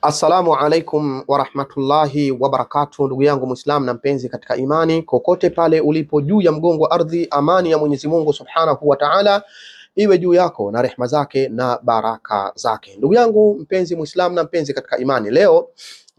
Assalamu alaikum warahmatullahi wabarakatuh ndugu yangu Muislam na mpenzi katika imani, kokote pale ulipo juu ya mgongo wa ardhi, amani ya Mwenyezi Mungu Subhanahu wa Ta'ala iwe juu yako na rehma zake na baraka zake. Ndugu yangu mpenzi Muislam na mpenzi katika imani, leo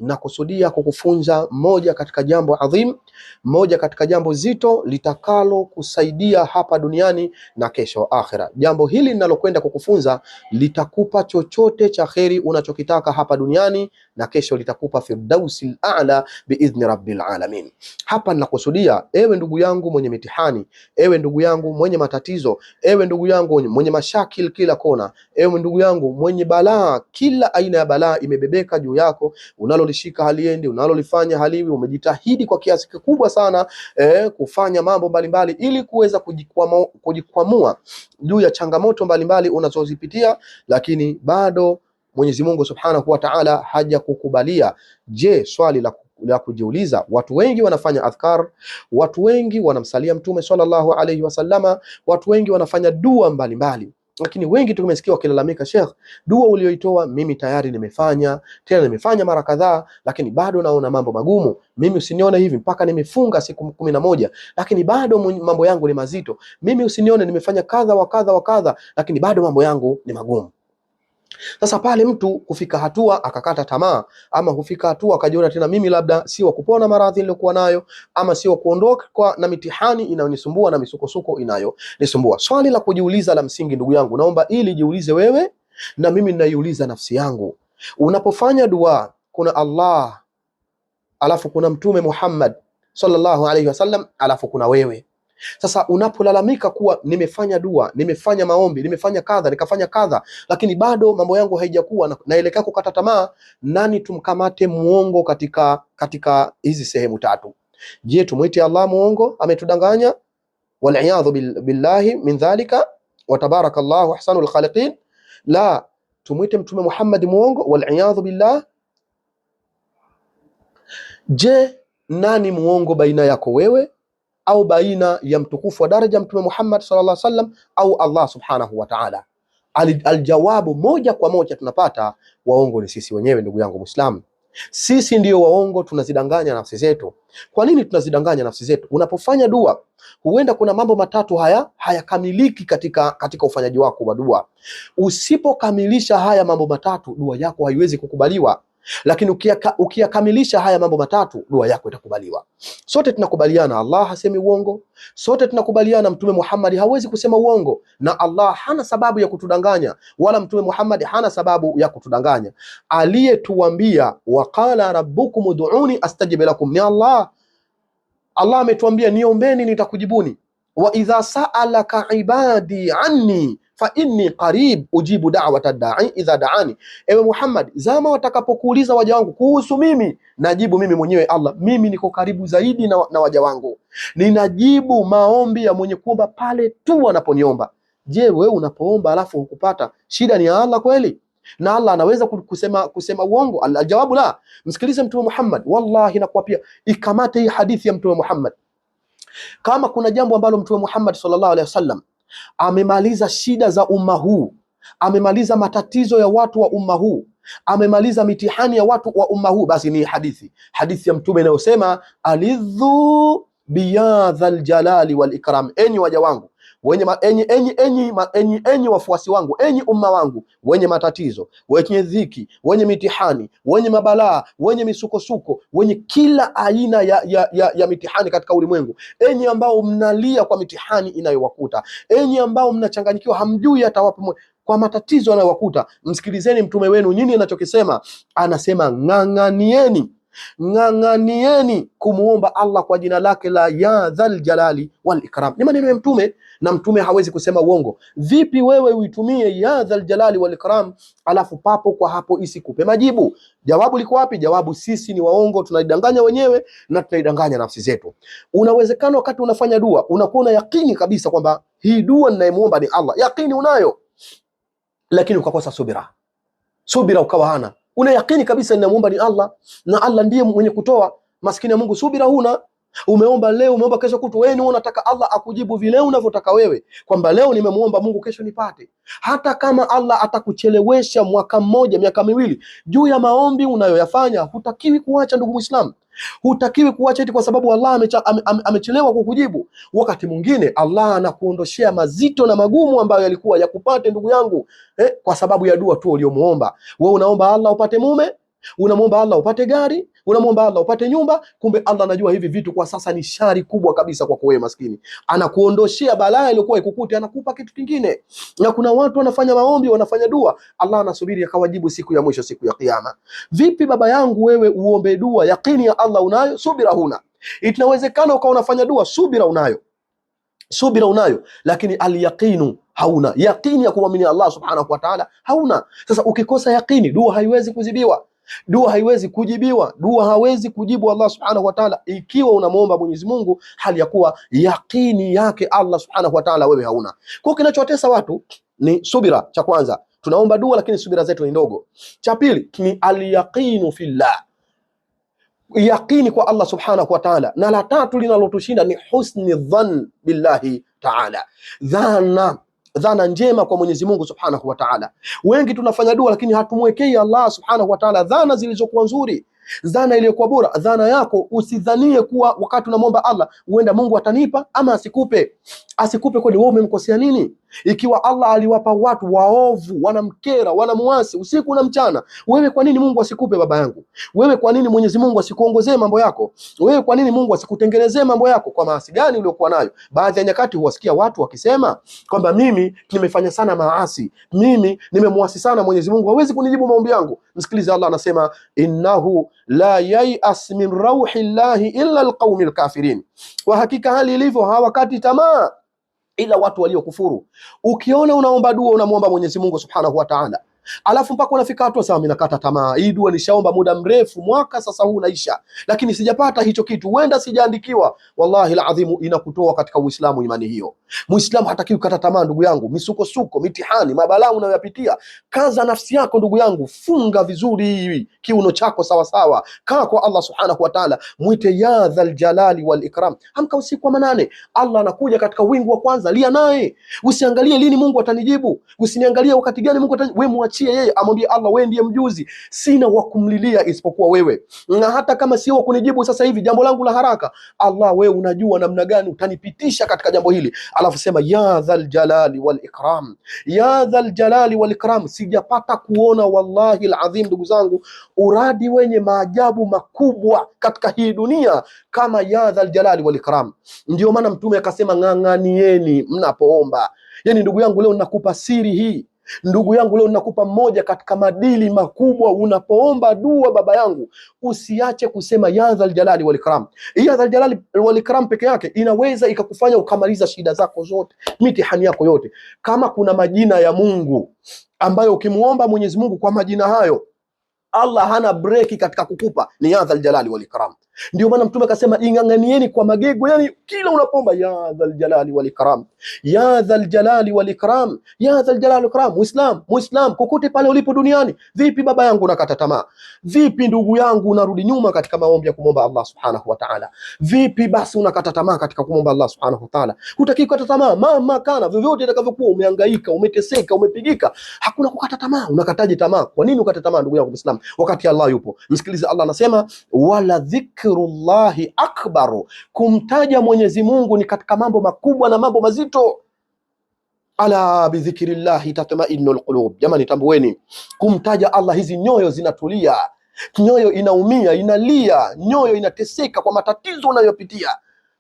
Nakusudia kukufunza moja katika jambo adhim, moja katika jambo zito litakalo kusaidia hapa duniani na kesho akhira. Jambo hili ninalokwenda kukufunza litakupa chochote cha kheri unachokitaka hapa duniani na kesho litakupa firdausil a'la biidhni rabbil alamin. Hapa ninakusudia ewe ndugu yangu mwenye mitihani, ewe ndugu yangu mwenye matatizo, ewe ndugu yangu mwenye mashakil kila kona, ewe ndugu yangu mwenye balaa, kila aina ya balaa imebebeka juu yako unalo unalolishika haliendi, unalolifanya haliwi. Umejitahidi kwa kiasi kikubwa sana eh, kufanya mambo mbalimbali ili kuweza kujikwamua, kujikwamua juu ya changamoto mbalimbali unazozipitia, lakini bado Mwenyezi Mungu Subhanahu wa Ta'ala hajakukubalia. Je, swali la la kujiuliza, watu wengi wanafanya adhkar, watu wengi wanamsalia Mtume sallallahu alaihi wasallama, watu wengi wanafanya dua mbalimbali mbali. Lakini wengi tumesikia wakilalamika, Sheikh, dua ulioitoa mimi tayari nimefanya, tena nimefanya mara kadhaa, lakini bado naona mambo magumu. Mimi usinione hivi, mpaka nimefunga siku kumi na moja, lakini bado mambo yangu ni mazito. Mimi usinione nimefanya kadha wa kadha wa kadha, lakini bado mambo yangu ni magumu. Sasa pale mtu hufika hatua akakata tamaa, ama hufika hatua akajiona tena, mimi labda si wa kupona maradhi niliyokuwa nayo, ama si wa kuondoka na mitihani inayonisumbua na misukosuko inayonisumbua. Swali la kujiuliza la msingi, ndugu yangu, naomba ili jiulize wewe na mimi ninaiuliza nafsi yangu, unapofanya dua kuna Allah alafu kuna Mtume Muhammad sallallahu alaihi wasallam alafu kuna wewe sasa unapolalamika kuwa nimefanya dua, nimefanya maombi, nimefanya kadha, nikafanya kadha, lakini bado mambo yangu haijakuwa, naelekea kukata tamaa, nani tumkamate muongo katika katika hizi sehemu tatu? Je, tumwite Allah muongo ametudanganya? Waliyadhu billahi min dhalika, wa tabarakallahu ahsanul khaliqin. La, tumwite Mtume Muhammad muongo? Waliyadhu billah. Je, nani muongo baina yako wewe au baina ya mtukufu wa daraja Mtume Muhammad sallallahu alaihi wasallam au Allah subhanahu wa ta'ala. Aljawabu moja kwa moja tunapata waongo ni sisi wenyewe, ndugu yangu Muislamu. Sisi ndiyo waongo, tunazidanganya nafsi zetu. Kwa nini tunazidanganya nafsi zetu? Unapofanya dua, huenda kuna mambo matatu haya hayakamiliki katika, katika ufanyaji wako wa dua. Usipokamilisha haya mambo matatu, dua yako haiwezi kukubaliwa. Lakini ukiyakamilisha haya mambo matatu, dua yako itakubaliwa. Sote tunakubaliana Allah hasemi uongo, sote tunakubaliana Mtume Muhammad hawezi kusema uongo, na Allah hana sababu ya kutudanganya, wala Mtume Muhammad hana sababu ya kutudanganya. Aliyetuambia waqala rabbukum ud'uni astajib lakum ni Allah. Allah ametuambia niombeni, nitakujibuni. Wa idha sa'alaka ibadi anni fa inni qarib ujibu da'wat ad da'i idha da'ani, ewe Muhammad, zama watakapokuuliza waja wangu kuhusu mimi, najibu mimi mwenyewe Allah, mimi niko karibu zaidi na, na waja wangu, ninajibu maombi ya mwenye kuomba pale tu wanaponiomba. Je, wewe unapoomba alafu hukupata, shida ni ya Allah kweli? na Allah anaweza kusema kusema uongo? Aljawabu la. Msikilize Mtume Muhammad, wallahi nakuapia, ikamate hii hadithi ya Mtume Muhammad. Kama kuna jambo ambalo Mtume Muhammad sallallahu alaihi wasallam amemaliza shida za umma huu, amemaliza matatizo ya watu wa umma huu, amemaliza mitihani ya watu wa umma huu, basi ni hadithi hadithi ya Mtume inayosema alidhu biyadha ljalali walikram, enyi waja wangu wenye enyi enyi enyi enyi enyi wafuasi wangu, enyi umma wangu, wenye matatizo, wenye dhiki, wenye mitihani, wenye mabalaa, wenye misukosuko, wenye kila aina ya, ya, ya, ya mitihani katika ulimwengu, enyi ambao mnalia kwa mitihani inayowakuta, enyi ambao mnachanganyikiwa, hamjui hata wapi kwa matatizo anayowakuta msikilizeni mtume wenu. Nini anachokisema? Anasema ng'ang'anieni ng'ang'anieni kumuomba Allah kwa jina lake la ya dhal jalali wal ikram. Ni maneno ya Mtume na Mtume hawezi kusema uongo. Vipi wewe uitumie ya dhal jalali wal ikram alafu papo kwa hapo isikupe majibu? Jawabu liko wapi? Jawabu, sisi ni waongo, tunaidanganya wenyewe na tunaidanganya nafsi zetu. Unawezekana wakati unafanya dua unakuwa na yakini kabisa kwamba hii dua ninayemuomba ni Allah, yakini unayo, lakini ukakosa subira, subira ukawa hana ule yakini kabisa, ninamuomba ni Allah na Allah ndiye mwenye kutoa. Maskini ya Mungu subira huna Umeomba leo, umeomba kesho kutu, wewe ni unataka Allah akujibu vile unavyotaka wewe, kwamba leo nimemuomba Mungu, kesho nipate. Hata kama Allah atakuchelewesha mwaka mmoja, miaka miwili juu ya maombi unayoyafanya, hutakiwi kuacha, ndugu Muislamu, hutakiwi kuacha eti kwa sababu Allah amechelewa ame, ame, kukujibu. Wakati mwingine Allah anakuondoshea mazito na magumu ambayo yalikuwa yakupate, ndugu yangu eh, kwa sababu ya dua tu uliyomuomba. wewe. Unaomba Allah upate mume, unamuomba Allah upate gari unamwomba Allah upate nyumba, kumbe Allah anajua hivi vitu kwa sasa ni shari kubwa kabisa kwako wewe maskini, anakuondoshea balaa iliyokuwa ikukute, anakupa kitu kingine. Na kuna watu wanafanya maombi, wanafanya dua, Allah anasubiri akawajibu siku ya mwisho, siku ya Kiyama. Vipi baba yangu wewe uombe dua, yakini ya Allah unayo, subira huna. Inawezekana ukawa unafanya dua, subira unayo subira unayo, lakini alyaqinu hauna. Yaqini ya kumwamini Allah subhanahu wa ta'ala hauna. Sasa ukikosa yaqini, dua haiwezi kuzibiwa. Dua haiwezi kujibiwa, dua hawezi kujibu Allah subhanahu wa ta'ala, ikiwa unamwomba Mwenyezi Mungu hali ya kuwa yakini yake Allah subhanahu wa ta'ala wewe hauna. Kwa kinachowatesa watu ni subira, cha kwanza tunaomba dua lakini subira zetu ni ndogo. Cha pili ni alyaqinu fillah, yaqini kwa Allah subhanahu wa ta'ala. Na la tatu linalotushinda ni husni dhann billahi ta'ala, dhana dhana njema kwa Mwenyezi Mungu Subhanahu wa Ta'ala. Wengi tunafanya dua lakini hatumwekei Allah Subhanahu wa Ta'ala dhana zilizokuwa nzuri, dhana iliyokuwa bora. Dhana yako usidhanie kuwa wakati unamwomba Allah, huenda Mungu atanipa ama asikupe. Asikupe kwani wewe umemkosea nini? Ikiwa Allah aliwapa watu waovu, wanamkera, wanamuasi usiku na mchana, wewe kwa nini Mungu asikupe baba yangu? Wewe kwa nini Mwenyezi Mungu asikuongozee mambo yako? Wewe kwa nini Mungu asikutengenezee mambo yako? Kwa maasi gani uliokuwa nayo? Baadhi ya nyakati huwasikia watu wakisema kwamba mimi nimefanya sana maasi, mimi nimemuasi sana Mwenyezi Mungu, hawezi kunijibu maombi yangu. Msikilize, Allah anasema innahu la yaias min rauhi llahi illa alqaumil kafirin, kwa hakika hali ilivyo hawakati tamaa ila watu waliokufuru. Ukiona unaomba dua unamwomba Mwenyezi Mungu Subhanahu wa Ta'ala, alafu mpaka unafika hatua sasa, mimi nakata tamaa, hii dua nishaomba muda mrefu, mwaka sasa huu unaisha, lakini sijapata hicho kitu, huenda sijaandikiwa. Wallahi adhimu, inakutoa katika Uislamu imani hiyo. Muislamu hatakiwi kukata tamaa, ndugu yangu. Misukosuko, mitihani, mabalaa unayoyapitia, kaza nafsi yako ndugu yangu, funga vizuri hivi kiuno chako sawasawa, kaa kwa Allah subhanahu wa ta'ala, mwite ya dhal jalali wal ikram. Amka usiku wa manane, Allah anakuja katika wingu wa kwanza, lia naye, usiangalie lini Mungu atanijibu, usiniangalie wakati gani Mungu atanijibu. Wewe muachie yeye, amwambie Allah, wewe ndiye mjuzi, sina wa kumlilia isipokuwa wewe, na hata kama sio wa kunijibu sasa hivi, jambo langu la haraka, Allah, wewe unajua namna gani utanipitisha katika jambo hili alafu sema ya dhal jalali wal ikram, ya dhal jalali wal ikram. Sijapata kuona wallahi aladhim, ndugu zangu, uradi wenye maajabu makubwa katika hii dunia kama ya dhal jalali wal ikram. Ndio maana Mtume akasema ng'ang'anieni mnapoomba. Yani ndugu yangu, leo nakupa siri hii Ndugu yangu, leo ninakupa moja katika madili makubwa. Unapoomba dua, baba yangu, usiache kusema ya Dhal Jalali wal Ikram. Ya Dhal Jalali wal Ikram peke yake inaweza ikakufanya ukamaliza shida zako zote, mitihani yako yote. Kama kuna majina ya Mungu ambayo ukimuomba Mwenyezi Mungu kwa majina hayo Allah hana breki katika kukupa, ni yadhal jalali wal ikram. Ndio maana Mtume akasema ing'ang'anieni kwa magego, yani kila unapomba ya dhal jalali wal ikram, ya dhal jalali wal ikram, ya dhal jalali wal ikram. Muislam, Muislam kokote pale ulipo duniani, vipi baba yangu nakata tamaa? Vipi ndugu yangu unarudi nyuma katika maombi ya kumomba Allah subhanahu wa ta'ala? Vipi basi unakata tamaa katika kumomba Allah subhanahu wa ta'ala? Hutaki kukata tamaa mama kana vyovyote itakavyokuwa, umehangaika, umeteseka, umepigika, hakuna kukata tamaa. Unakataje tamaa? Kwa nini ukata tamaa ndugu yangu Muislam? wakati Allah yupo. Msikilize, Allah anasema wala dhikrullahi akbaru, kumtaja Mwenyezi Mungu ni katika mambo makubwa na mambo mazito. Ala bidhikrillahi tatma'innul qulub. Jamani, tambueni kumtaja Allah, hizi nyoyo zinatulia, nyoyo inaumia, inalia, nyoyo inateseka kwa matatizo unayopitia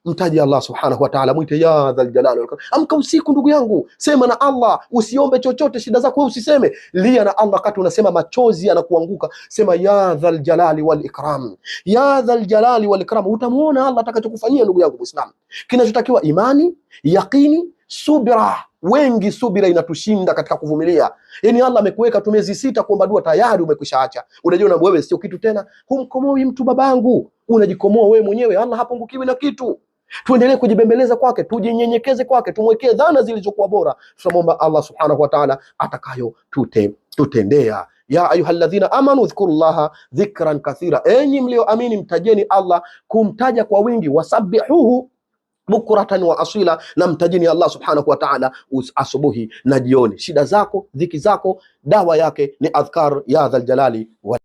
mtaji Allah subhanahu wa ta'ala, mwite ya dhal jalal wal karam. Amka usiku ndugu yangu, sema na Allah, usiombe chochote, shida zako wewe usiseme, lia na Allah kati unasema machozi yanakuanguka, sema ya dhal jalal wal ikram, ya dhal jalal wal ikram. Utamuona Allah atakachokufanyia ndugu yangu Muislam. Kinachotakiwa imani, yaqini, subira wengi subira inatushinda katika kuvumilia. Yani Allah amekuweka tu miezi sita kuomba dua, tayari umekwishaacha. Unajiona wewe sio kitu tena, humkomoi mtu babangu, unajikomoa wewe mwenyewe. Allah hapungukiwi na kitu tuendelee kujibembeleza kwake, tujinyenyekeze kwake, tumwekee dhana zilizokuwa bora. Tunamwomba Allah subhanahu wa ta'ala atakayo tute, tutendea ya ayuhaladhina amanu dhkurullaha dhikran kathira, enyi mlioamini mtajeni Allah kumtaja kwa wingi, wasabihuhu bukratan wa asila, na mtajini Allah subhanahu wa ta'ala asubuhi na jioni. Shida zako, dhiki zako, dawa yake ni adhkar ya dhaljalali wa